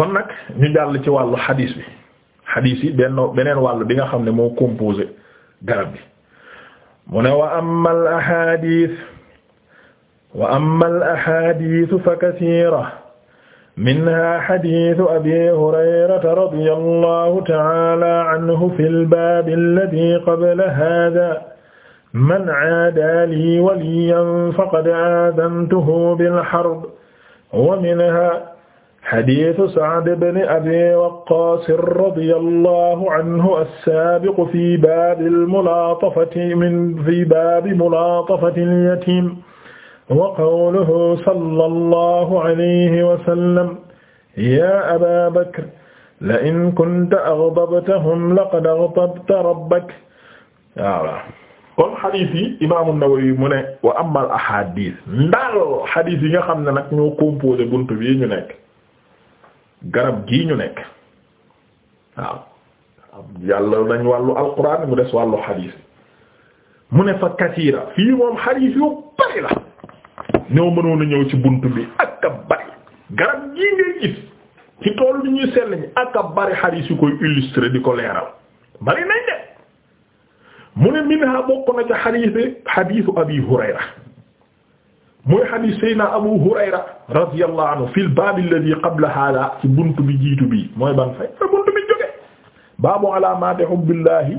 kon nag ñu jàll ci wàllu xadiis bi xadiis yi benn beneen wàll bi nga xam ne moo composé garab bi mu ne wa amma al ahadith wa amma al ahadith fa kathira minha xadiisu abi hurayrata radiyallahu ta'ala anhu fil baabi alladii qabla haadaa man aadaa lii waliyyan faqad aadantuhu bil harb wa minha xadiisu Sa'd ibn Abi Waqqaas radiyallahu anhu as-saabiqu fii baabil mulaatafati min fii baabi mulaatafatil yatiim wa qawluhu sallallahu alayhi wa sallam yaa Abaa Bakr la'in kunta aghdabtahum laqad aghdabta rabbak waaw kon xadiis yi imaamu Nawawi mu ne wa ammal ahaadiis ndaal xadiis yi nga xam ne nag ñoo composé buntu bi ñu nekk. garab gii ñu nekk waaw yàlla nañ wàllu alquran mu des wàllu xadiis mu ne fa kasiira fii moom xadiis yu bari la ñoo mënoon ñëw ci bunt bi ak a bari garab gii ngay gis ci tool bi ñuy sell ñi ak a bari xadiis yu koy illustrer di ko leeral bari nañ de mu ne minha bokk na ca xadiis xadiisu abi hurayra muy hadith Seydina Abu Hurayra radiyallahu anhu fil baab alladhi qabla hada ci buntu bi jiitu bi mooy ban fay fa buntu bi jóge baabu alaamaati hubbillahi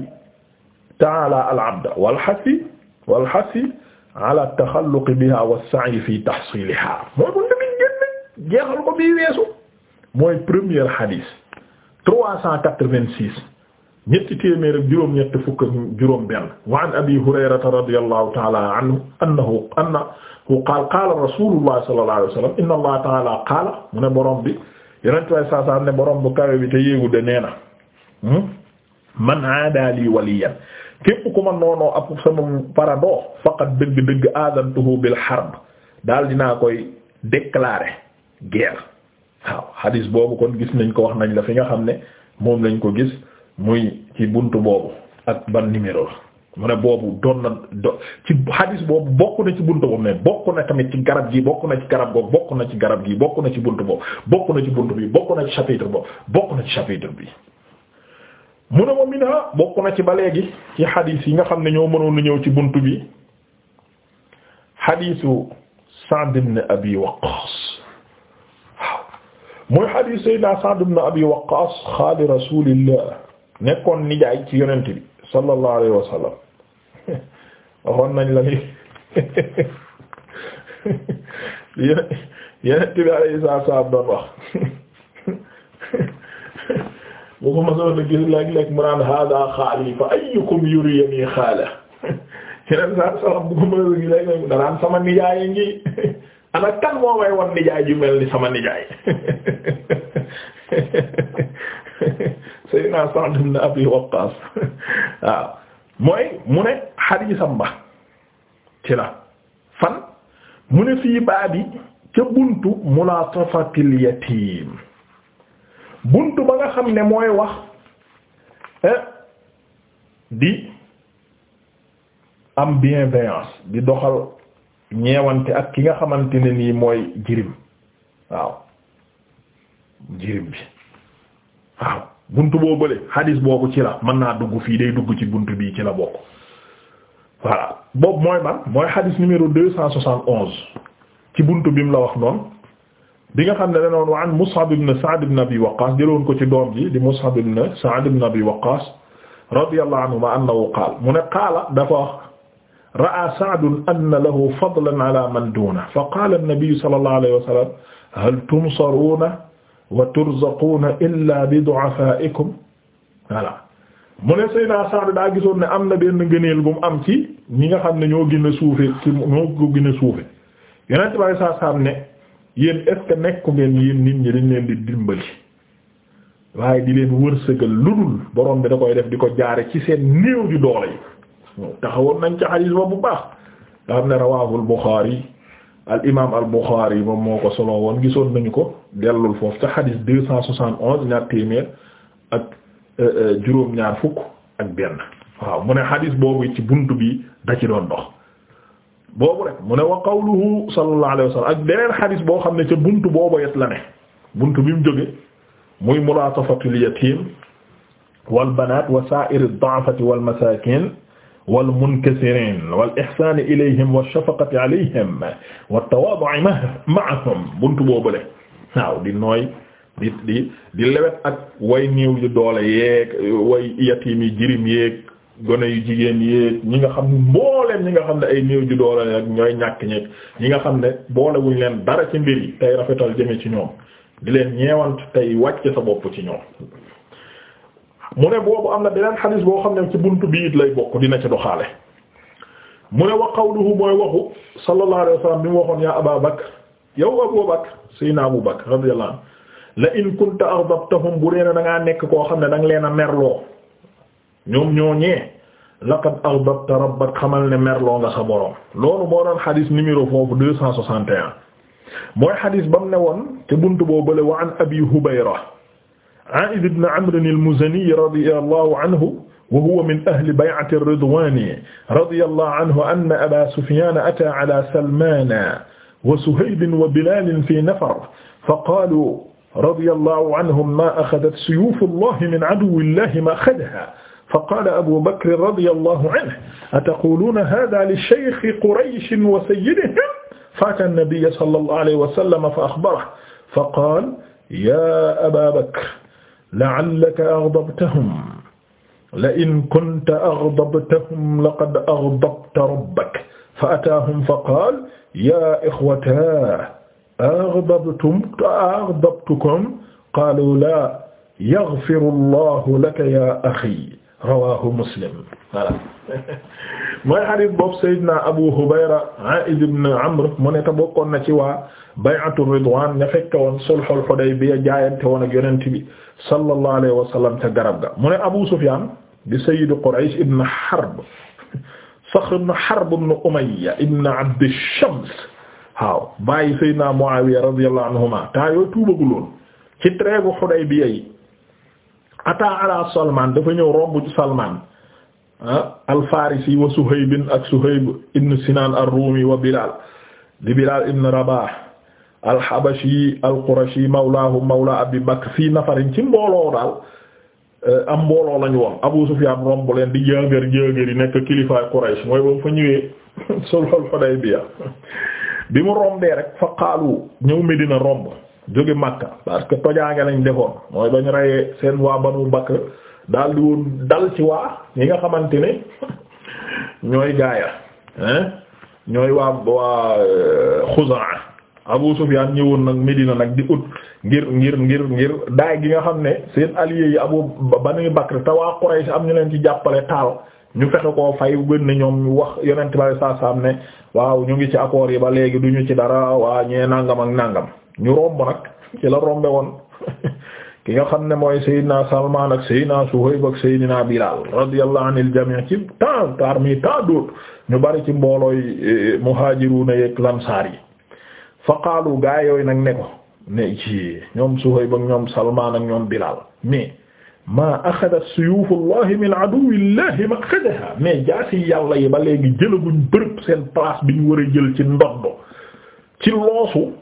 ta'ala al-abd wal hasi wal hasi ala at-takhalluq biha was-sa'i fi tahsiliha mooy buntu bi génn jeexal ko bii weesu mooy premier hadith 386 ñetti téeméer ak juróom-ñett fukk juróom-benn wa abi hurayrata radiyallahu ta'ala anhu annahu annahu qaala qaala rasulullah sallallahu alayhi wasallam inna allaha mu ne borom bi yeneen tuwaay saa saa ne borom bu kawe bi te yéegu de nee na hmm? man aada lii waliyan képp ku ma noonoo ab sama parandoo faqad dëgg-dëgg aadantuhu bil harb daal dinaa koy déclarer guerre waaw hadis boobu kon gis nañ ko wax nañ la fi nga xam ne moom lañ ko gis. muy ci buntu boobu ak ban numéro mu ne boobu doon na do ci hadis boobu bokk na ci bunt boobu mais bokk na tamit ci garab gii bokk na ci garab googu bokk na ci garab gi bokk na ci buntu boobu bokk na ci bunt bi bokk na ci chapitre boobu bokk na ci chapitre bi mu ne wa minha bokk na ci ba léegi ci hadis yi nga xam ne ñoo mënoon ñëw ci buntu bi hadisu Sa'd ibn Abi Waqqas waaw mooy hadis Sayyidina Sa'd ibn Abi xaali Rasulillah nekkoon nijaay ci yonent bi sallallahu alayhi wa waxoon nañ la ni yonent bi alayhi salaam doon wax bu ko masoon a gis léeg-léeg mu naan hada xaali fa ayyukum yuriyani xaala yeneen saa salaam bu ko masoon a gis léeg-léeg danaan sama nijaay ngi ana kan moo may wan nijaay ju mel ni sama nijaay Seydina Sa'd ibn Abi Waqqas waaw mooy mu ne xadiisam ba ci la fan mu ne fii baabi ca buntu mulatafatil yatiim buntu ba nga xam ne mooy wax eh, di am bienveillance di doxal ñeewante ak ki nga xamante ne nii mooy jirim waaw jirim bi waaw buntu boo bële hadis boobu ci la mën naa dugg fii day dugg ci buntu bii ci la bokk voilà boobu mooy man mooy hadis numéro deux cent soixante onze ci buntu bi mu la wax noonu bi nga xam ne danoon wa an Mus'ab ibn Sa'd ibn Abi Waqqas jëloon ko ci doom ji di Mus'ab ibn Sa'd ibn Abi Waqqas radiyallahu anhuma annahu qaala mu ne qaala dafa wax ra'a Sa'd anna lahu fadlan ala man duunahu fa qaala an-nabiy sallallahu alayhi wa sallam hal tumsaruuna wa turzaquuna illaa bi du'afaa'ikum voilà mu ne Seydina Sa'd daa gisoon ne am na benn ngëneel bu mu am ci ñi nga xam ne ñoo gën a suufe ci ñoo ko gën a suufe yeneen tubaab yi saa saa ne yéen est-ce que nekku ngeen yéen nit ñi dañ leen di dimbali waaye di leen wërsëgal lu dul borom bi da koy def di ko jaare ci seen néew di doole yi taxawoon nañ ci xadiis ba bu baax nga xam ne rawaahul Buxaari al imaam al Buxaari moom moo ko solo woon gisoon nañu ko. dellul foofu ca xadis deux cent soixante onze ñaar téeméer ak euh, euh, juróom ñaar fukk ak benn waaw mu ne xadis boobu ci bunt bi da ci doon dox boobu rek mu ne wa qawluhu sallallahu alayhi wa sallam ak beneen xadis boo xam ne ca bunt boobu yet la ne bunt bi mu jóge muy mulaatafatul yatim wal banaat wa saa'iri ad-du'afati wal masaakin wal munkasirin wal ihsaani ilayhim wash shafaqati alayhim wat tawaadu'i ma'ahum buntu boobule waaw di nooy di di di lewet ak way néew yu doole yeeg way yatiim yi jirim yéeg gone yu jigéen yéeg ñi nga xam ne mbooleem ñi nga xam ne ay néew ju doole rek ñooy ñàkk ñeeg ñi nga xam ne boolewuñ leen dara ci mbir yi tey rafetal jëme ci ñoom di leen ñeewant tey wàcc sa bopp ci ñoom mu ne boobu am na beneen xadis boo xam ne ci buntu bi it lay bokk dina ci doxaale mu ne wa qawluhu mooy waxu sallallahu alayhi bi mu waxoon yaa Aba Bakr yow Abu Bakr Seydina Abu Bakr radiyallahu anhu la in kunta aghdabtahum bu dee da ngaa nekk koo xam ne da nga leen a merloo ñoom ñooñee laqad aghdabta rabbak xamal ne merloo nga sa borom loolu moo doon xadis numéro foofu deux cent soixante et un mooy xadis ba mu ne woon te buntu boo bële wa an Abi Hubayra Aa'id ibn Amr al-Muzani radiyallahu anhu wa huwa min ahli bay'ati ar-ridwani radiyallahu anhu anna Aba Sufyan ata ala Salmana wa Suhayb wa Bilaal fi nafar fa qaaluu radiyallaahu anhum maa axadat suyuufullaahi min aduwwillaahi maa axadahaa fa qaala Abuu Bakrin radiyallaahu anhu ataquuluuna haadaa li-shaykhi Qurayshin wa sayyidihim faata nabiyya sallallaahu alayhi wa sallam fa axbarahu fa qaala yaa Abaa Bakr la'allaka aghdabtahum la in kunta aghdabtahum laqad aghdabta rabbaka fa ataahum fa qaal yaa ixwataa aghdabtum aghdabtukum qaalu laa yaghfiru llahu laka yaa axi rawaahu muslim voilà mooy xadiis boobu Seydina Abu Hubayra Aa'id ibn Amr mu ne te bokkoon na ci waa bay'atu ridwaan ña fekke woon sulhul Hudaybiya jaayante woon ak yonent bi sallallahu alayhi wa sallam te garab ga mu ne Abu Sufyaan di sayyidu Quraysh ibn Harb Saxr ibn Harb ibn Umayya ibn Abd Shams waaw bàyyi Seydina Muawiya radiyallahu anhuma taa yoo tuubaguloon ci trêve Hudaybiya yi ata ala Salman dafa ñëw romb ci Salman ah, al-Farisi wa Suhayb ak Suhayb ibn Sinan ar-Rumi wa Bilal di Bilal ibn Rabah al-Habashi al-Qurashi mawlahu mawla Abi Bakr fii nafarin ci mbooloo daal Euh, am mbooloo lañu woon Abu Sufyaan romb leen di jëngër jëngër yi nekk kilifaay Quraysh mooy ba mu fa ñëwee sulhul Hudaybiya bi mu rombee rek fa xaalu ñëw Medina romb jóge Makka parce que tojaange lañ defoon mooy ba ñu reyee seen waa Banu Bakr daal di woon dal ci waa ñi nga xamante ne ñooy gaaya hein ñooy waa waa euh, Xuzaa Abu Sufyan ñëwoon nag Medina nag di ut ngir ngir ngir ngir daay gi nga xam ne seen alliés yi Abu Bani Bakr te waa Quraysh am ñu leen ci jàppale taal ñu fexe koo fay gën ne ñoom ñu wax yonent ba saa saam ne waaw ñu ngi ci accords yi ba léegi du ñu ci dara waa ñee nàngam ak nangam ñu romb nag ci la rombe woon ki nga xam ne mooy Seydina Salman ak Seydina Suhayb ak Seydina Bilal radiyallahu anil jami' ci temps parmi tant d'autres ñu bari ci mboolooy eh, muhajiruna yeek lamsaar yi fa qaalu gaa yooyu nag ne ko ne ci ñoom Suhayb ak ñoom Salmaan ak ñoom Bilaal mais maa axadat suyuufullahi min aduwwillahi maxadaha mais jaasi yàlla yi ba léegi jëlaguñ bërëb seen place bi ñu war a jël ci ndox do ci loosu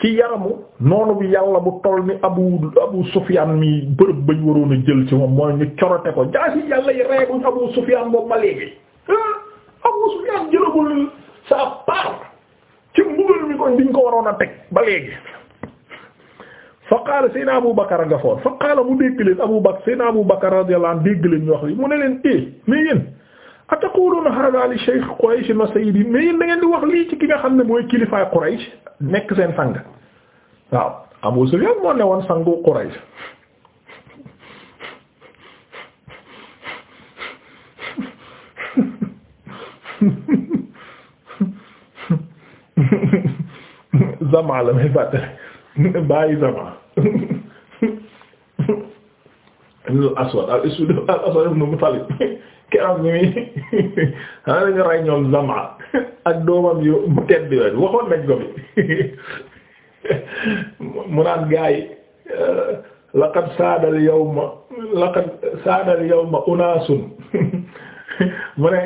ci yaramu noonu bi yàlla bu tol ni abu abu sufyaan mi bërëb bañ waroon a jël ci moom mooy ñu corote ko jaasi yàlla yi reeguñ abu sufyaan boobu ba léegi ah, abu sufyaan jëlagul sa part ñu ko waroon a teg ba léegi fa qaala sayna Abu Bakar nga foon fa mu dégg leen Abu Bakar sayna Abu Bakar radiyallahu anhu dégg leen ñu wax mu ne leen eh mais yéen ataquluna hada li shaykh Quraysh wa sayyidi mais yéen di wax lii ci ki nga xam ne mooy kilifaay Quraysh nekk seen sang waaw Abu Sufyan moo ne woon sangu Quraysh zama la may fàttali bàyyi zama al aswad al aswad al aswad ibn ni muy xanaa dañu zama ak doomam mu tedd yooyu waxoon nañ ko mu naan gaa yi laqad al yawma laqad saada al yawma unaasun mu ne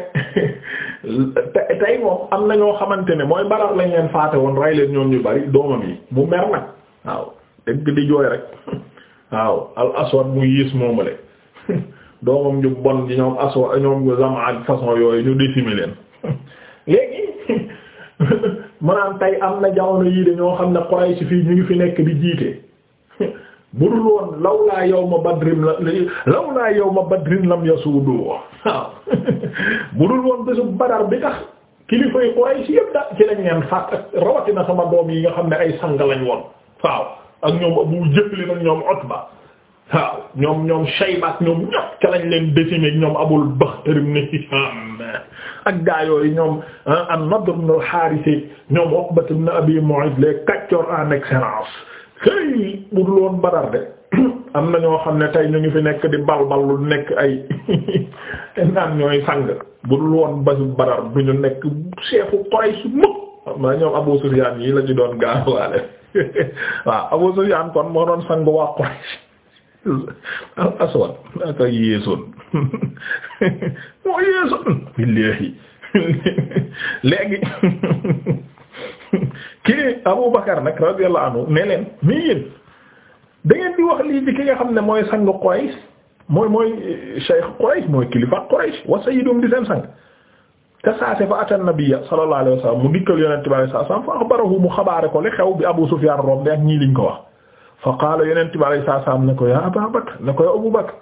tey moom am na ñoo xamante ne mooy barar lañ leen faate woon rey leen ñoom ñu bari doomam yi mu mer nag waaw dëgg di jooy rek waaw al aswad mu yiis moomale doomam ñu bon ji ñoom aswad ñoom zamaat façon yooyu ñu décimé leen léegi mu naan tey am na jamono yii de xam ne Quraysh fii ñu ngi fi nekk di jiite bu dul woon lawlaa yawma badrin la lawlaa yawma badrin lam yasuudu waaw bu dul woon bésu badar bi tax kilifa yi Quraysh yëpp da ci lañ leen faat rawatina sama doom yi nga xam ne ay sang lañ woon waaw ak ñoom Abu Jahl ak ñoom Utba waaw ñoom ñoom Shayba ak ñoom ñëpp ca lañ leen décimé ak ñoom Abul Bakhtari ibn Hisham ak gaa yooyu ñoom ah, an-Nadr ibn al-Harith ñoom Uqbat ibn Abi Mu'ayt les quatre en excellence xëy bu dul woon badar de am na ñoo xam ne tey ñu ngi fi nekk di balbal lu nekk ay naan ñooy sang bu dul woon basu badar du ñu nekk seexu Quraysh su mukk ma ñoom Abu Sufyaan yii la ci doon gaawaale waaw Abu Sufyaan kon moo doon sang waa Quraysh aswad aka yéesoon moo yéesoon léegi léegi kii Abu Bakar nag radiyallahu anhu ne leen mi yéen da ngeen di wax lii ci ki nga xam ne mooy sang Quraysh mooy mooy Cheikh Quraysh mooy kilifa Quraysh wa sayyidum di seen sang te saase fa atan nabiyya sallallahu alayhi wa sallam mu dikkal yonent bi alayhi salaam fa axbarahu mu xabaare ko li xew bi Abu Sufyaan rombe ak ñii liñ ko wax fa qaala yonent bi alayhi salaam ne ko yaa Abaa Bakr ne ko yaa Abu Bakr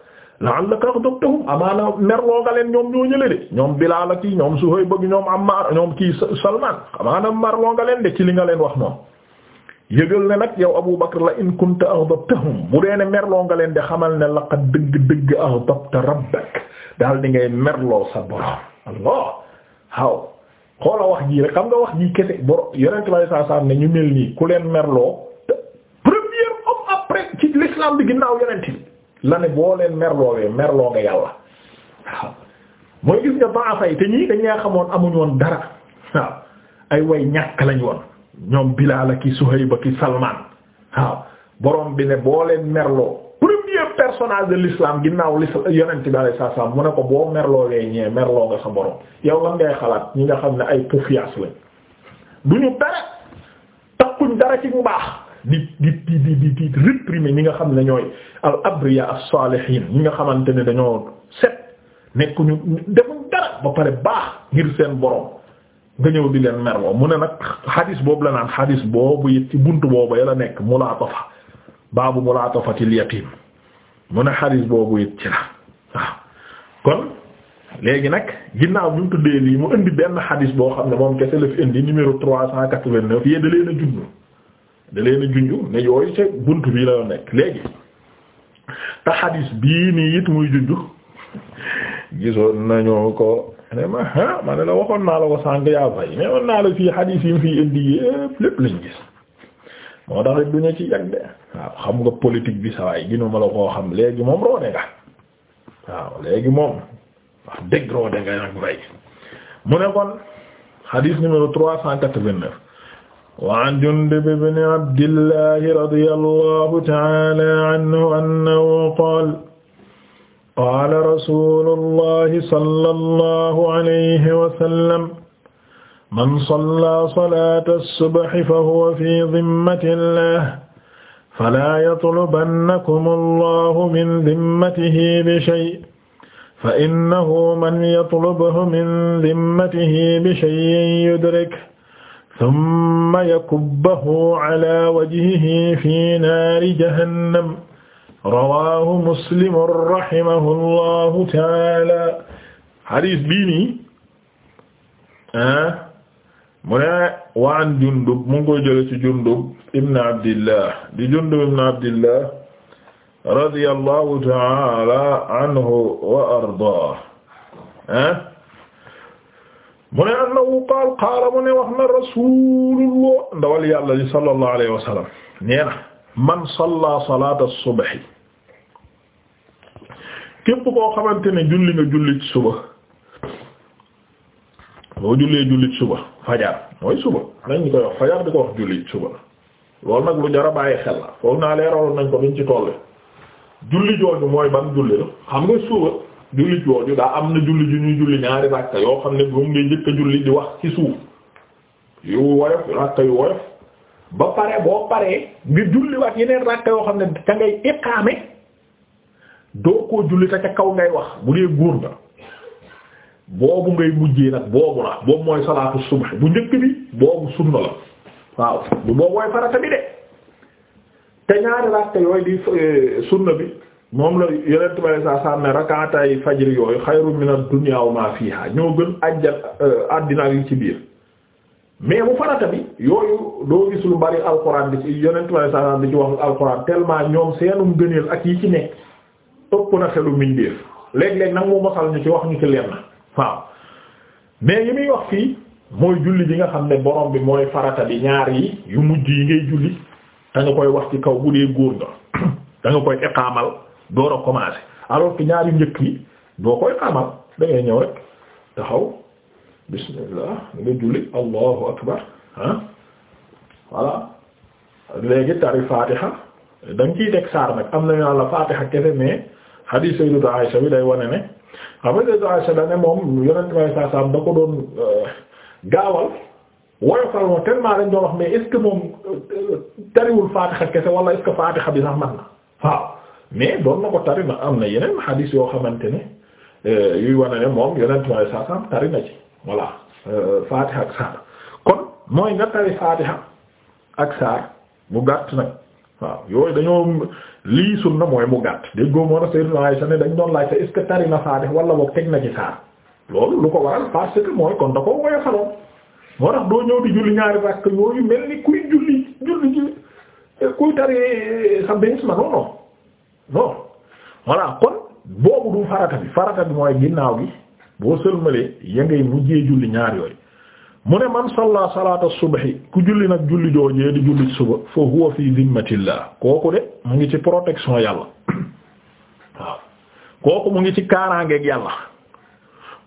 la'allaka aghdabtahum amaana merloo nga ñoom ñoo ñële de ñoom Bilaal ak kii ñoom Suhayb kii Salmaan amaana merloo nga leen de li nga leen wax noonu yëgal ne nag yow Abu Bakr la in kunta aghdabtahum bu dee ne nga leen de xamal ne laqad dëgg-dëgg aghdabta rabbak daal di ngay merloo sa borom Allah waaw wax jii rek xam nga wax jii kese boro yonent bi saa saa ne ñu mel nii ku leen merloo premier homme après ci l'islam bi ginnaaw yonent la ne boo leen merloowee merloo nga yàlla waaw mooy gis nga baafay te ñii dañ laa xamoon amuñ woon dara waaw ay way ñàkk lañ woon ñoom Bilaal ki Suhayb ki Salmaan waaw borom bi ne boo leen merloo premier personnage de l'islam ginnaaw l'islam yonent bi alayhi salaam mu ne ko boo merloowee ñee merloo nga sa borom yow lan ngay xalaat ñi nga xam ne ay pufias lañ du ñu dara takkuñ dara ci mu baax di di di di di réprimer ñi nga xam ne ñooy al abriya as-salihin ñi nga xamante ne dañoo set nekkuñu defuñ dara ba pare baax ngir seen borom nga ñëw di leen merloo mu ne nag xadis boobu la naan xadis boobu it ci bunt boobu ya la nekk mulaatafa baabu mulaatafatil yatim mu ne xadis boobu it ci la kon léegi nag ginnaaw bi mu tuddee lii mu indi benn xadis boo xam ne moom kese la indi numéro trois cent quatre-vingt-neuf yéen da leen a juddu da leen a ne yooyu ca bunt bi la nekk léegi te xadis bii nii it muy junj gisoon nañu ko ne ma la waxoon naa la ko sànq yaa fay mais woon naa la fii xadis yi mu fiy indi yépp lépp lañ gis moo tax du ci yàgg de waaw xam nga politique bi saa waay ginu ma la koo xam léegi moom roode nga waaw léegi moom dëgg roode nga nag bay mu ne kon xadis numéro trois cent quatre-vingt-neuf wa an Jundub ibn Abdillahi radiyallahu ta'ala anhu annahu qaala qaala rasuulullahi sallallahu alayhi wa sallam man sallaa salaata as-subhi fahuwa fii dimmatillahi falaa yatlubannakum allahu min dimmatihi bishay' fa innahu man yatlubhu min dimmatihi bishay' yudrik summa yakubbahu ala wajhihi fi naari jahannam rawaahu muslim rahimahu llahu taala hadis bii nii ah mu ne wa an Jundub mu ngi koy jële ci Jundub ibn Abdillah di Jundub ibn Abdillah radiyallahu taala anhu wa ardaahu ah. mu ne annahu qaal qaala mu wax na rasulullah ndawal yàlla li sallallahu alayhi wa sallam nee na man salla salaata subhi képp koo xamante ne julli nga julli ci suba boo jullee julli ci suba fajar mooy suba nañ koy wax fajar di ko wax julli ci nag lu jar a bàyyi xel la foog naa ko biñ ci toll julli jooju mooy ban julli la xam nga jullit jooju daa am na julli yu ñuy julli ñaari ràkka yoo xam ne moom ngay njëkk a di wax ci suuf yu woyof ràkka yu woyof ba pare boo paree nga julli waat yeneen ràkka yoo xam ne ca ngay iqaame doo koo julli te ca kaw ngay wax bu dee góor nga boobu ngay mujjee nag boobu la boobu mooy salaatu subh bu njëkk bi boobu sunna la waaw boobu mooy farata bi de te ñaari ràkka yooyu di eh, sunna bi moom la yeneen tubaab saa saa ne rakaatay fajr yooyu xayru min ad-dunya wa ma fiha ñoo gën àjjal euh, àddina yi ci biir mais bu farata bi yooyu doo gis lu bari alxuraan bi ci yeneen tubaab saa saa ci wax alxuraan tellement ñoom seenum gëneel ak yi ci nekk ëpp na xelu mbindeef léeg-léeg nag mu mosal ñu ci wax ñu ci lenn waaw mais yi muy wax fii mooy julli bi nga xam ne borom bi mooy farata bi ñaar yi yu mujj yi ngay julli da koy wax ci kaw bu dee góor door a commencer alors que ñaari njëkk yi doo koy xamal da ngay ñëw rek taxaw bismillah nga julli allahu akbar ah voilà léegi tari fatiha da ciy teg saar nag am nañu la fatiha kese mais hadith sayyidatu Aisha bi day wane ne xam nga sayyidatu Aisha da ne moom yonent may saa saam da ko doon euh, gaawal woyofal moom tellement dañ doon wax mais est ce que moom euh, tariwul fatiha kese wala est ce que bi sax mën na mais doon na ko tari am na yeneen hadith yoo xamante ne euh, yuy wane ne moom yeneen mooy saasam tari na ci voilà euh, fatiha ak saar kon mooy nga tari fatiha ak saar mu gàtt nag waaw yooyu dañoo lii mooy mu gàtt déggoo moo na Sayyidina Aisha ne dañ doon laajte est-ce que na fatiha wala boog teg na ci saar loolu lu ko waral parce que mooy kon da ko woyofaloon moo tax doo ñëw di julli ñaari rakk yooyu mel ni kuy julli julli ji kuy tari euh, sa ma non non non voilà kon boobu du farata bi farata bi mooy ginnaaw gi boo sëlmalee ya ngay mujjee julli ñaar yooyu mu ne man salla salaata subhi ku julli nag julli joojee di julli suba fa huwa fi zimmatillah kooku de mu ngi ci protection yàlla waaw kooku mu ngi ci kaaraangeeg yàlla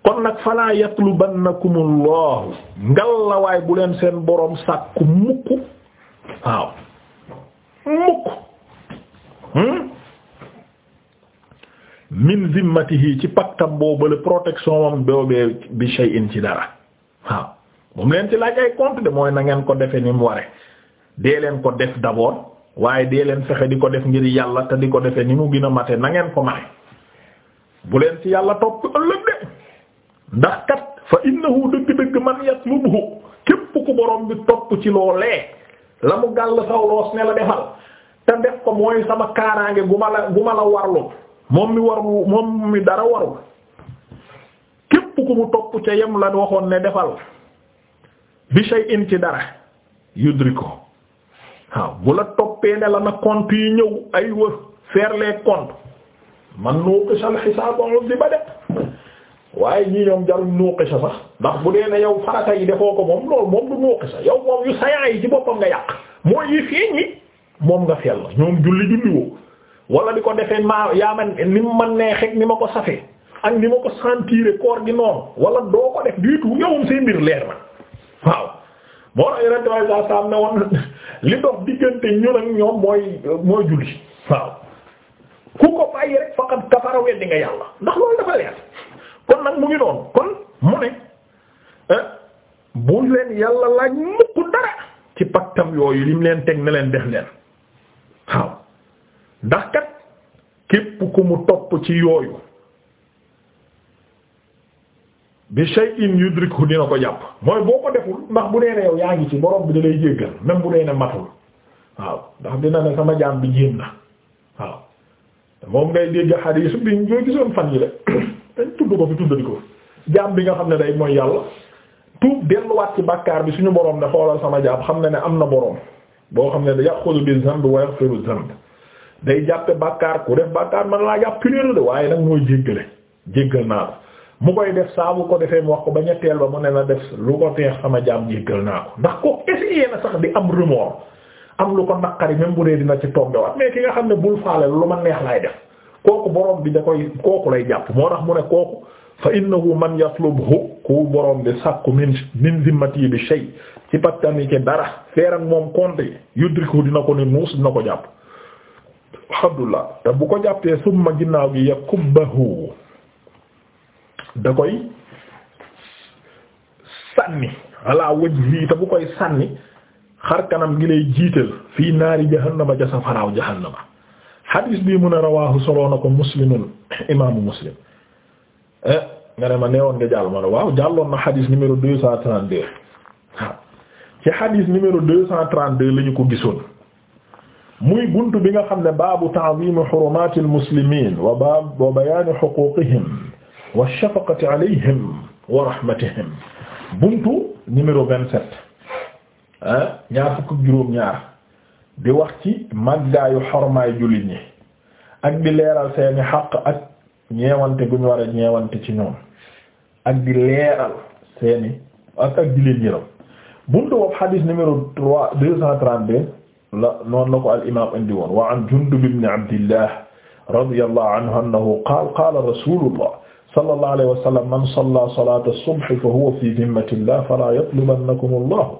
kon nag falaa yatlubannakumullahu na waay bu leen seen boroom sàkku mukk waaw mukk hmm? min zimmatihi ci paktam boobu la protection am boobee bi shay'in ci dara waaw moom leen ci laaj ay compte mooy na ngeen ko defe ni mu ware dee leen ko def d'abord waaye dee leen fexe di ko def ngir yàlla te di ko defe ni mu gën a mate na ngeen ko mane bu leen ci yàlla topp ëllëg de ndax kat fa innahu dëgg-dëgg man yatlubuhu képp ku borom bi topp ci loolee la mu gàll saw loos ne la defal te def ko mooy sama kaaraange gu ma la gu ma la warlu moom mi war moom mi dara warul képp ku mu topp ca yem la waxoon ne defal bi shay'in ci dara yudriko waaw bu la toppee ne la na compte yi ñëw ay wër faire les comptes man nuuqisal xisaaba di ba de waaye ñii ñoom jarul nuuqisa sax ndax bu dee ne yow farata yi defoo ko moom loolu moom du nuuqisa yow moom yu sayaan yi ci boppam nga yàq mooy yi feeñ yi moom nga fel ñoom julli julliwoo wala di ko defee maa yaa man ni mu man neexee ni ma ko safee ak ni ma ko sentir koor gi noonu wala doo ko def du tout yowum seen mbir leer na waaw moo tax yeneen tamit daal saa am ne woon li dox diggante ñun ak ñoom mooy mooy julli waaw ku ko bàyyi rek faqad kafara weddi nga yàlla ndax loolu dafa leer kon nag mu ngi noonu kon mu ne eh, bu leen yàlla laaj mukk dara ci pàttam yooyu lim leen teg na leen def leen waaw. ndax kat képp ku mu topp ci yooyu bi shay'in yudrikhu dina ko jàpp mooy boo ko deful ndax bu nee ne yaa ngi ci borom bi da lay jéggal même bu nee ne matul waaw ndax dina ne sama jaam bi jéem na waaw moom ngay dégg xadiis bi ñu gisoon fan yi la dañ tudd ko fi tuddadi ko jaam bi nga xam ne day mooy yàlla tuub delluwaat ci bàkkaar bi suñu borom ne xoolal sama jaam xam ne ne am na borom boo xam ne ya'khudhu bi dhanb wa yaghfiru dhanb day jàppe bàkkaar ku def bàkkaar man laa jàpp punir de waaye nag mooy jéggale jéggal naa ko mu koy def saabu ko defee mu wax ko ba ñetteel ba mu ne na def lu ko teex sama jaam jéggal naa ko ndax ko essayé na sax di am remords am lu ko naqari même bu dina ci tombe waat mais ki nga xam ne bul faale lu ma neex laay def kooku borom bi da koy kooku lay jàpp moo tax mu ne kooku fa innahu man yatlubhu ku borom bi sàkku min min zimmati bi shay ci pattan yi ci dara moom compte dina ko ne muus dina ko jàpp Abdullah te bu ko jàppee summa ginnaaw gi yakubbahu da koy sànni ala wajhi te bu koy sànni xar kanam gi lay jiital fii naari jahannama ja safaraaw jahannama hadis bii mu ne rawaahu soloo na ko muslimun imaamu muslim eh nga ne ma nee woon nga jàll ma ne waaw jàlloon na hadis numéro deux cent trente deux ci hadis numéro deux cent trente deux la ko gisoon muy buntu bi nga xam ne baabu ta'zimi hurumati almuslimin wa baab wa bayaani huquqihim wa shafaqati alayhim wa rahmatihim buntu numéro vingt-sept ah ñaar fukk ak juróom ñaar di wax ci màggaayu xormaay jullit ñi ak di leeral seeni xaq ak ñeewante gu ñu war a ñeewante ci ñoom ak di leeral seeni ak ak di leen yërëm buntu boobu xadiis numéro trois deux cent trente-deux la noonu la ko al imaam indi woon wa an Jundub ibn Abdillah radiyallahu anhu annahu qaala qaala rasuulullah sallallahu alayhi wa sallam man salla salaata as-subhi fa huwa fi dhimmatillah falaa yatlubannakum Allah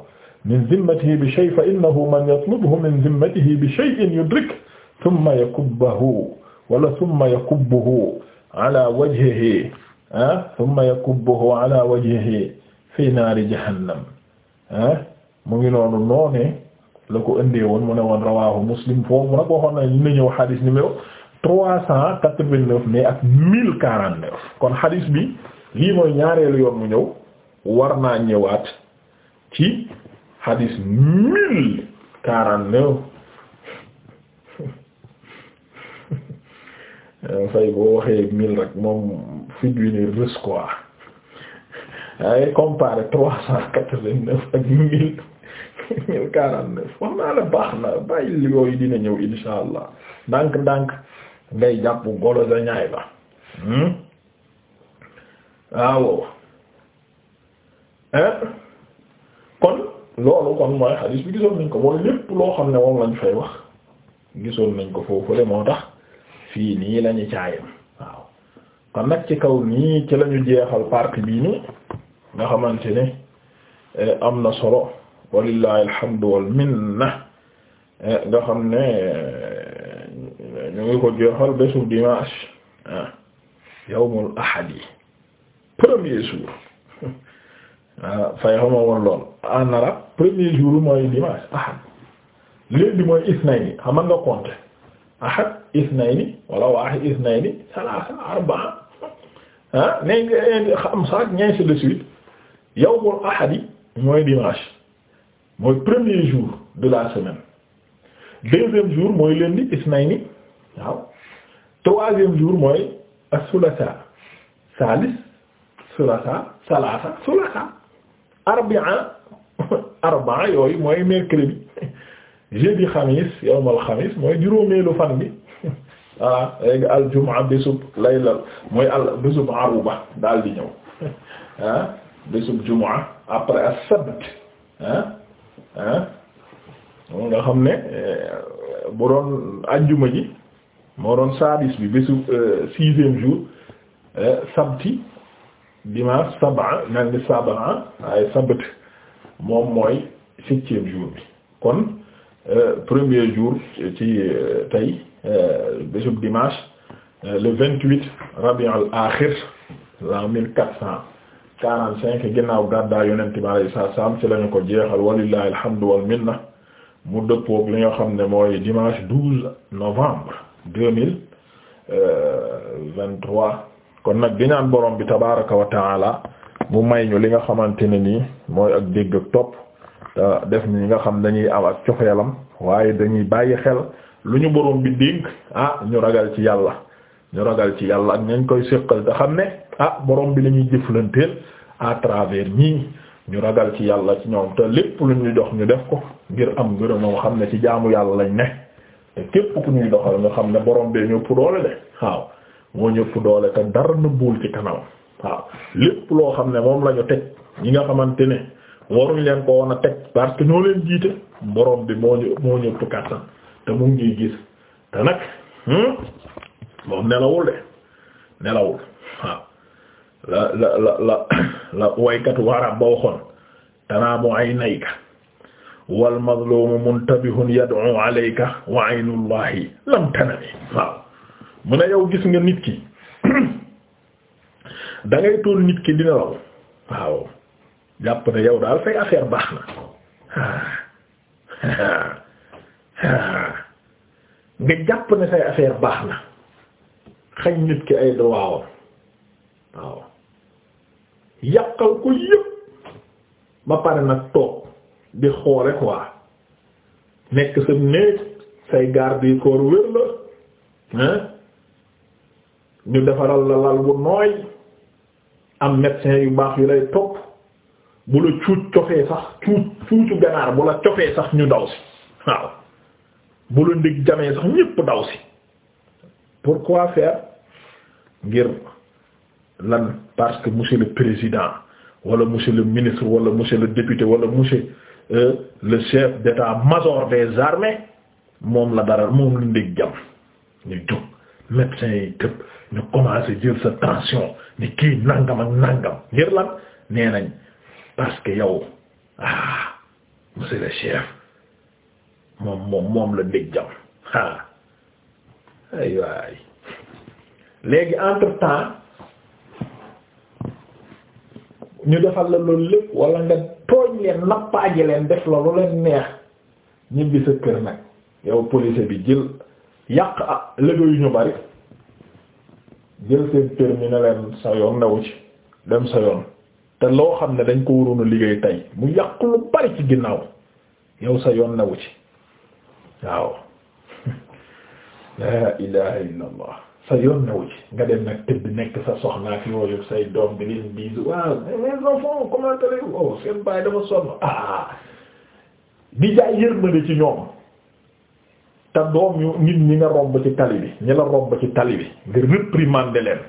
min dhimmatihi bi shay'in fa innahu man yatlubhu min dhimmatihi bi shay'in yudrikhu thumma yakubbuhu wala thumma yakubbuhu ala wajhihi ah, thumma yakubbuhu ala wajhihi fi naari jahannam ah, mu ngi noonu noone la ko indee woon mu ne woon rawaahu muslim foofu nag waxoon nañ li ñëw xadis numéro trois cent quatre-vingt-neuf mais ak mille quarante-neuf kon xadis bi lii mooy ñaareelu yoon mu ñëw war naa ñëwaat ci xadis mille quarante-neuf fay boo waxee mille rek moom fit wi ni rës quoi ay trois cent quatre-vingt-neuf ak mille mille quarante neuf naa la baax na bàyyi li yooyu dina ñëw insha allah ndànk ndànk ngay jàpp golo sa ñaay ba hmm? ah, waaw eh? kon loolu kon mooy xadiis bi gisoon nañ ko mooy lépp loo xam ne moom lañ fay wax gisoon nañ ko foofule moo tax fii nii lañu caayam waaw kon nag ci kaw nii ci lañu jeexal partie bii nii nga xamante ne eh, am na solo walillahi alhamdu wal minna nga xam ne ñu ngi ko jeexal bésu dimanche ah yawmul ahad premier jour ah fay xama woon lool en arabe premier jour mooy dimanche ahad lundi mooy isnayni xam nga compter ahad isnayni wala waahid isnayni salaasa arbaa ah nee nga xam sax ñeent de suite yawmul ahad yi mooy dimanche. mooy premier jour de la semaine deuxième jour mooy lundi isnayni waaw troisième jour mooy as-sulasa salis sulasa salasa sulasa arbia arbaa yooyu mooy mercredi jeudi xamis yawmal xamis mooy juróomeelu fan bi voilà léegi aljumaa bésub laylal mooy al bésub aruba daal di ñëw ah bésub après as-sabt ah nga xam ne eh, bu doon ajjuma ji moo doon saadis bi bésu eh, sixième jour eh, sabti dimanche saba mel ni saba waaye sabat moom mooy septième jour bi kon premier jour ci tey bésu dimanche le vingt-huit rabiul axir l'an mille quatre cents cinq ginnaaw gàddaa yonent bi alayhi salaam ci lañu ko jeexal walillahi alhamdu wal na mu dëppook li nga xam ne mooy dimanche 12 novembre 2023 kon nag ginaan borom bi tabaaraka wa taala mu may ñu li nga xamante ne nii mooy ak dégg ak topp te def ñi nga xam dañuy am ak cofeelam waaye dañuy bàyyi xel lu ñu borom bi dénk ah ñu ragal ci yàlla ñu ragal ci yàlla ak ñañ koy séqal te xam ne. ah borom bi la ñuy jëflanteel à travers ñii ñu ragal ci yàlla ci ñoom te lépp lu ñu jox ñu def ko ngir am ngërëm moo xam ne ci jaamu yàlla lañ ne te képp ku ñuy doxal nga xam ne borom bee ñëpp doole de waaw moo ñëpp doole te dara nëbbuwul ci kanam waaw lépp loo xam ne moom la ñu teg ñi nga xamante ne waruñ leen ko woon a teg parce que ñoo leen jiite borom bi moo ñu moo ñëpp kàttan te mu ngi gis te nag hmm, moom nelawul de nelawul waaw. la la la la la waykatu ba waxoon tanaamu aynayka wal mazlumu muntabihun yad'u alayka waaw mu ne yow gis nga nit ki da tool nit ki dina law waaw jàpp ne yow daal say affaire baax na nga jàpp ne say affaire baax na xañ nit ki ay droit waaw yàqal ko yëpp ba pare nag toog di xoole quoi nekk sa néeg say garde yi koor wér la hein ñu defaral la lal bu nooy am médecin yu baax yu lay topp bu la cuuc cofee sax cuuc cuucu ganaar bu la cofee sax ñu daw si waaw bu la ndig jamee sax ñépp daw si pourquoi faire ngir lan parce que monsieur le président wala monsieur le ministre wala monsieur le député wala monsieur euh, le chef d'état-major des armées moom la dara moom lu ndég jam ñu jóg médecin yi këpp ñu commencé jël sa tension ni kii nangam ak nangam ngir lan nee nañ parce que yow ah monsieur le chef moom moom moom la ndég jam ah ay waay léegi entre temps ñu defal la loolu lépp wala nga tooñ leen nappaaji leen def la lu leen neex ñibbi sa kër nag yow police bi jël yàq ah légo yu ñu bari jël seen permis ne leen sa yoon newu ci dem sa yoon te loo xam ne dañ ko waroon a liggéey tey mu yàq lu bari ci ginnaaw yow sa yoon newu ci waaw laa ilaha illa sa yoon ñëw ci nga dem nag tëdd nekk sa soxnaak yooyu say doom bi leen biis waaw mes enfants comment allez-vous oh, seen baay dafa sonn ah di jaay yërmande ci ñoom te doom yu nit nga romb ci tali bi ñi la romb ci tali bi nga réprimander leen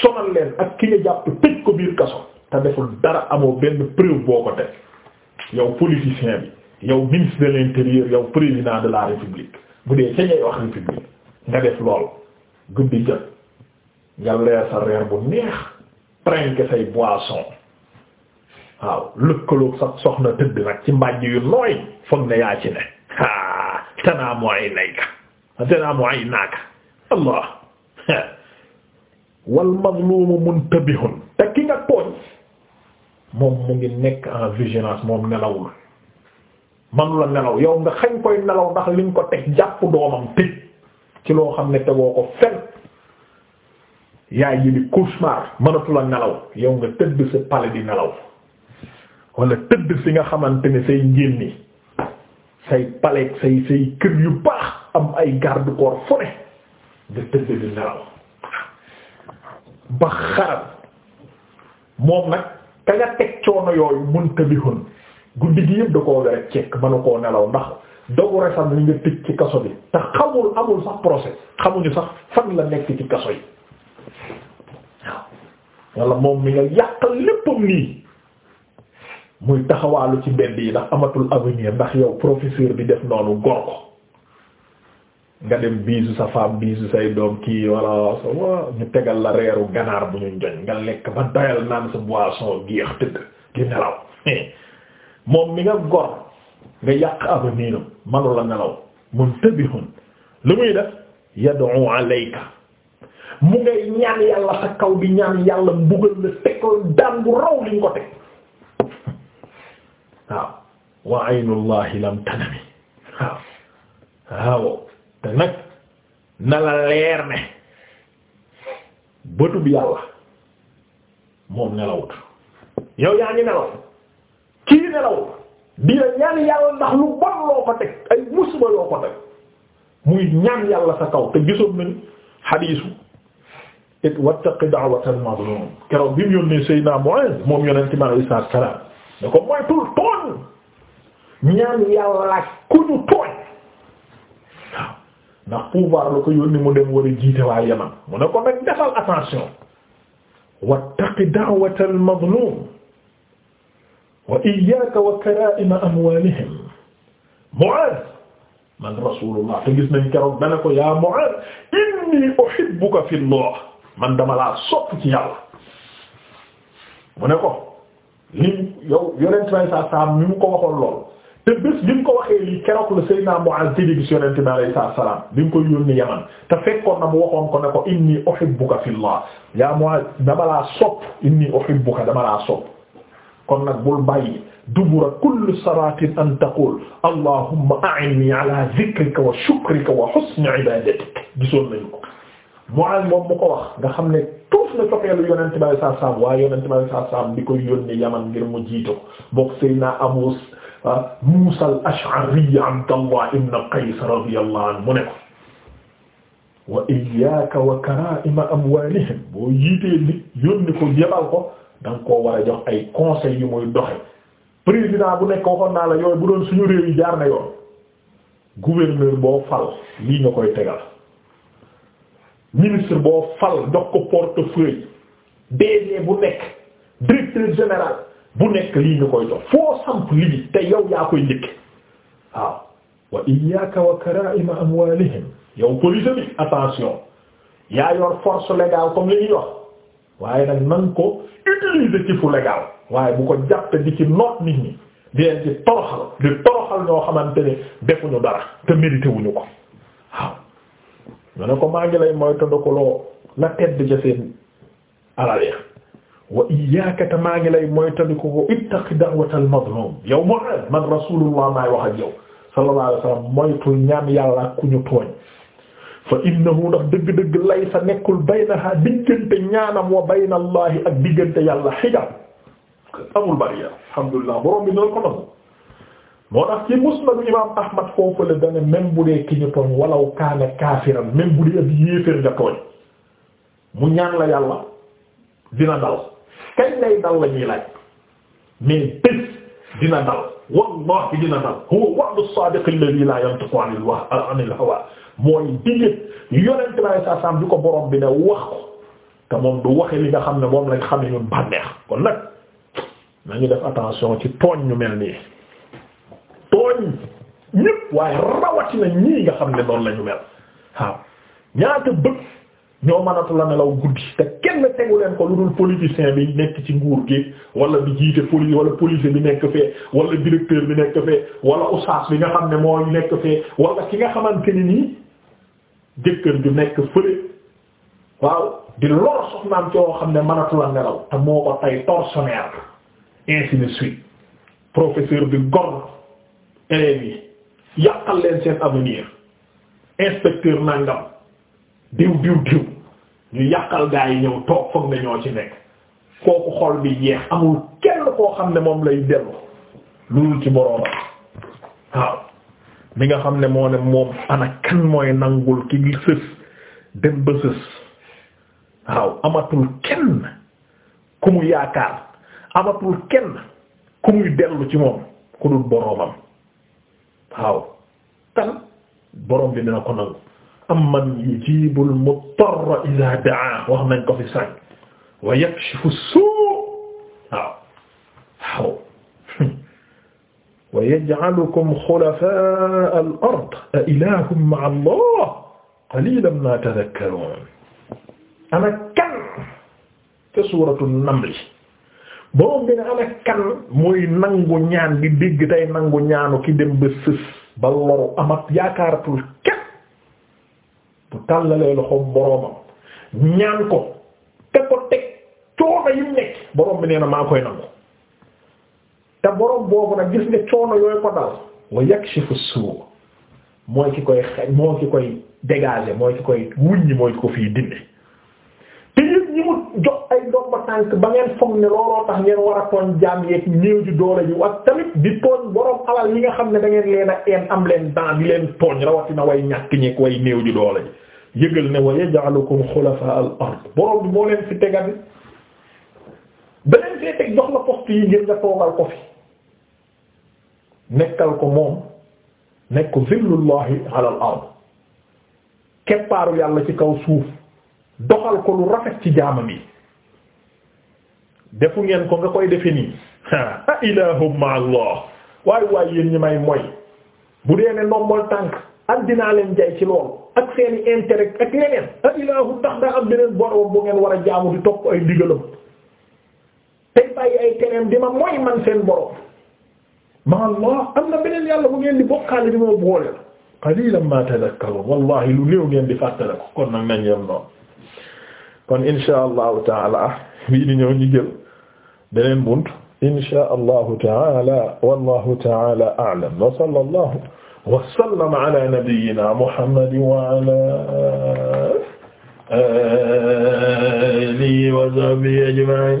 sonal leen ak ki nga jàpp tëj ko biir kaso te deful dara amoo benn preuve boo ko teg yow politicien bi yow ministre de l'intérieur yow président de la république bu dee ca ñay wax république nga def lool guddi jot nga leer sa reer bu neex trinquer say boisson waaw lëkkaloog sa soxna tëdd nag ci mbàjj yu nooy foog ne yaa ci ne aa tanaamu ay nayka tanaamu ay naaka allah wal mazlumu muntabihun te ki nga tooñ moom mu ngi nekk en vigilance moom nelawul manu la nelaw yow nga xañ koy nelaw ndax li nga ko teg jàpp doomam tëj ci loo xam ne tegoo ko fen yaay yi ni cauchemar mënatula nelaw yow nga tëdd sa pale di nelaw wala tëdd fi nga xamante ne say njénni say pale say say kër yu baax am ay garde corps ne nga tëdd di nelaw ba xaram moom nag ka nga teg coono yooyu mun tabihun guddi gi yëpp da koo rek cekk mënu koo nelaw ndax dogu refam li nga tëj ci kaso bi te xamul amul sax procès xamuñu sax fan la nekk ci kaso yi waaw walla moom mi nga yàqal léppam nii muy taxawaalu ci mbedd yi ndax amatul avenir ndax yow professeur bi def noonu gor ko nga dem biisu sa femme biisu say doom kii walla sa waa ñu tegal la reeru ganaar bu ñu njoñ nga lekk ba doyal naan sa boisson géex tëdd di nelaw moom mi nga gor nga yàq avenir am manu la nelaw muntabihun lu muy def yad'u alayka mu ngay ñaan yàlla sa kaw bi ñaan yàlla mbugal la tegal daan bu raw liñ ko teg waaw wa aynullahi nelawut yow yaa nelaw kii nelawut di la ñaan yàlla ndax lu bon loo ko teg ay musiba loo ko teg muy ñaan yàlla sa kaw te gisoon nañu xadiisu it wattaqi da'watal mazlum keroog bi mu yónnee Seydina Mu'aaz moom yonent mi alayhi salaatu salaam da ko moytul tooñ ñaan yàlla ku ñu tooñ ndax pouvoir la ko yónni mu dem war a jiite waa Yaman mu ne ko nag defal attention wattaqi da'watal mazlum wa iyyaaka wa karaa'ima amwaalihim Mu'aaz man rasuulullah te gis nañ keroog dana ko yaa Mu'aaz inni uhibbuka fillah man dama laa sopp ci yàlla mu ne ko lim yow yonent bi saa salaam mi mu ko waxoon lool te bés bi mu ko waxee lii keroog la Seydina Mu'aaz di gis yonent bi alayhi salaam bi mu ko yónni Yaman te fekkoon na mu waxoon ko ne ko inni uhibbuka fillah yaa Mu'aaz dama laa sopp inni uhibbuka dama laa sopp kon nag bul bàyyi dubura kulli salaatin an taqul allahumma a'inni ala dhikrika wa shukrika wa husni ibadatika gisoon nañu ko Mu'aaz moom mu ko wax nga xam ne tuuf na coxeelu yonent bi saa saam waaye yonent bi saa saam di ko yónni Yaman ngir mu jiito bokk Seydina Abu Muusa al-Ash'ari Abdallah ibn Qays radiyallahu anhu mu ne ko wa iyyaaka wa karaa'ima amwaalihim boo jiitee nit yónni ko jebal ko da nga koo war a jox ay conseils yu muy doxe président bu nekk waxoon naa la yooyu bu doon suñu réew yi jaar na yoon gouverneur boo fal lii nga koy tegal ministre boo fal jox ko portefeuille DG bu nekk directeur général bu nekk lii nga koy jox foo samp lii te yow yaa koy njëkk waaw wa iyyaka wa kara'ima amwalihim yow police bi attention yaa yor force légale comme li ñuy wax waaye nag nanga ko utiliser ci fu légal waaye bu ko jàppe di ci noot nit ñi di leen ci toroxal di toroxal ñoo xamante ne defuñu dara te mérité wuñu ko waaw ñu ne ko maa ngi lay mooy tandakoloo la tedd ja seen alal ya wa maa ngi lay mooy tandiko ko ittaqi da'watal mazlum yow moo man rasulullah maay wax ak yow sallallahu alayhi wasallam moytul ñaan yàlla ku ñu tooñ fa innahu ndax dëgg-dëgg laysa nekkul baynaha diggante ñaanam wa bayna allahi ak diggante yàlla xijab amul bariya alhamdulillah borom bi noonu ko noonu moo tax ci musnad imam ahmad foofu la dane même bu dee ki ñu tooñ walaw kaana kaafiran même bu dee ab yéeféer nga tooñ mu ñaan la yàlla dina dal kañ lay dal la ñuy laaj mais bés dina dal wallahi dina dal huwa wa'du saadiq alladhi la yantiqu anil hawa mooy digle yonent bi saa saam bi ko boroom bi ne wax ko te moom du waxe li nga xam ne moom lañ xam ne ñun bànneex kon nag nañu def attention ci tooñ ñu mel nii tooñ ñépp waaye rawatina ñii nga xam ne noonu lañu mel waaw ñaata bëgg ñoo mënatu la nelaw guddi te kenn tegu ko lu dul politicien bi nekk ci nguur gi wala bi jiite poli wala policier bi nekk fee wala directeur bi nekk fee wala oustaz bi nga xam ne moo nekk fee wala ki nga xamante ni nii jëkkër ju nekk fële waaw di lor soxnaam coo xam ne mënatula nelaw te moo ko tay tortionnaire ainsi de suite professeur bi gor élèves yi yàqal leen seen avenir inspecteur nangam diw diw diw ñu yàqal gaa yi ñëw toog foog ne ci nekk kooku xol bi jeex amul kenn koo xam ne moom lay dellu loolu ci boroomam waaw mi nga xam ne moo moom ana mooy nangul ki sës dem ba sës waaw amatul kenn ku mu yaakaar amatul kenn ku muy dellu ci moom ku dul boroomam waaw tan boroom bi dina ko nangu amman yujibul muttarra iza daa wax nañ ko fi sànq waaw wa yaj'alukum xulafaa'a al-ard a ilaahun ma'a Allah qaliilan maa tadhakkaruun ana kan te suuratu naml boroom bi ne ana kan mooy nangu ñaan di dégg tey nangu ñaanu ki dem ba sës ba loru amat yaakaaratul kenn bu tàllalee loxoom boroomam ñaan ko te ko teg coono yi nekk boroom bi nee na maa koy nangu te borom boobu nag gis nga coono yooyu ko dal wa yakshifu suu mooy ki koy xeeñ moo ki koy dégager mooy ki koy wuññi mooy ko fii dindi te yéen ñi mu jox ay ndomba tànk ba ngeen foog ne looloo tax ngeen war a tooñ jaam yeeg néew ji doole ji ak tamit di tooñ borom alal yi nga xam ne dangeen leen a am leen daan di leen tooñ rawatina way ñàkk ñeeg koy néew ji doole ji yëgal ne wa yaj'alukum xulafaa al ard borom bi moo leen fi tegal beneen fee teg yi ngir nga toogal ko nekkal ko moom nekk ko zillullahi ala al ard keppaaru yàlla ci kaw suuf doxal ko lu rafet ci jaamam yi defu ngeen ko nga koy defe nii a ilahum ma allah waay waay yi ñi may moy bu dee ne ndombol tànk ak dinaa leen jay ci loolu ak seeni intérêt ak leneen a ilahum ndax daa am beneen borom bu ngeen war a jaamu di topp ay digalam tey bàyyi ay tereem di ma moy man seen borom ma allah am na beneen yàlla bu ngeen di bokkaale di moo boole la qalilan ma tadhakkarun wallahi lu néew ngeen di fàttale ko kon nag nañ yem noonu kon insha allahu taala bii di ñëw ñu jël beneen bunt insha allahu taala wallahu taala a'lam wa sallallahu wa sallama ala nabiyyina muhammad wa ala alihi wa sahbihi ajma'in